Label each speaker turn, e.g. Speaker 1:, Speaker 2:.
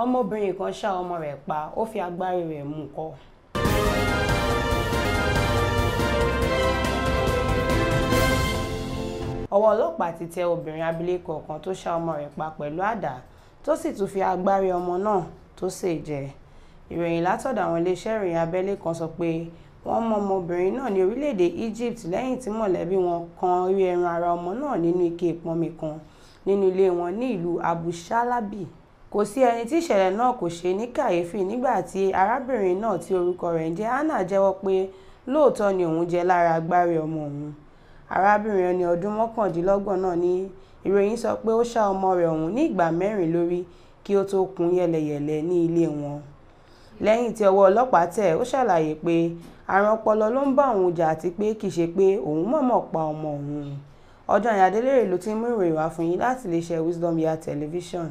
Speaker 1: ọmọbìnrin kan ṣá ọmọ rẹ̀ pa ó fi agbárí rẹ̀ mú kọ́. ọwọ́ ọlọ́pàá ti tẹ obìnrin abilékọ kan tó ṣá ọmọ rẹ̀ pa pẹ̀lú àdá tó sì tún fi agbárí ọmọ náà tó sè jẹ ìròyìn látọ̀dọ̀ àwọn iléeṣẹ́ ìròyìn abẹ́lé kan sọ pé wọ́n mọ ọmọbìnrin náà ní orílẹ̀-èdè Egypt lẹ́yìn tí mọ̀lẹ́bí wọn kan rí ẹran ara ọmọ náà nínú ike ìpọnmi kan nínú ilé wọn ní ìlú Abu Shalabi kò sí ẹni tí ìṣẹ̀lẹ̀ náà kò ṣe ní kàyéfì nígbà tí arábìnrin náà tí orúkọ rẹ̀ ń jẹ́ Hannah jẹ́wọ́ pé lóòótọ́ ni òun jẹ lára agbárí ọmọ òun arábìnrin ẹni ọdún mọ́kàndínlọ́gbọ̀n náà ní ìròyìn sọ pé ó ṣá ọmọ rẹ̀ ọ̀hún ní ìgbà mẹ́rin lórí kí ó tó kún yẹlẹyẹlẹ ní ilé wọn lẹ́yìn tí ọwọ́ ọlọ́pàá tẹ̀ ó ṣàlàyé pé àrùn ọpọlọ ló ń bá òun jà àti pé kì í ṣe pé òun mọ̀ọ́mọ̀ pa ọmọ òun Ọjọ́ Adélèrè ló ti mú ìròyìn wá fún yín láti iléeṣẹ́ Wisdom Yard Television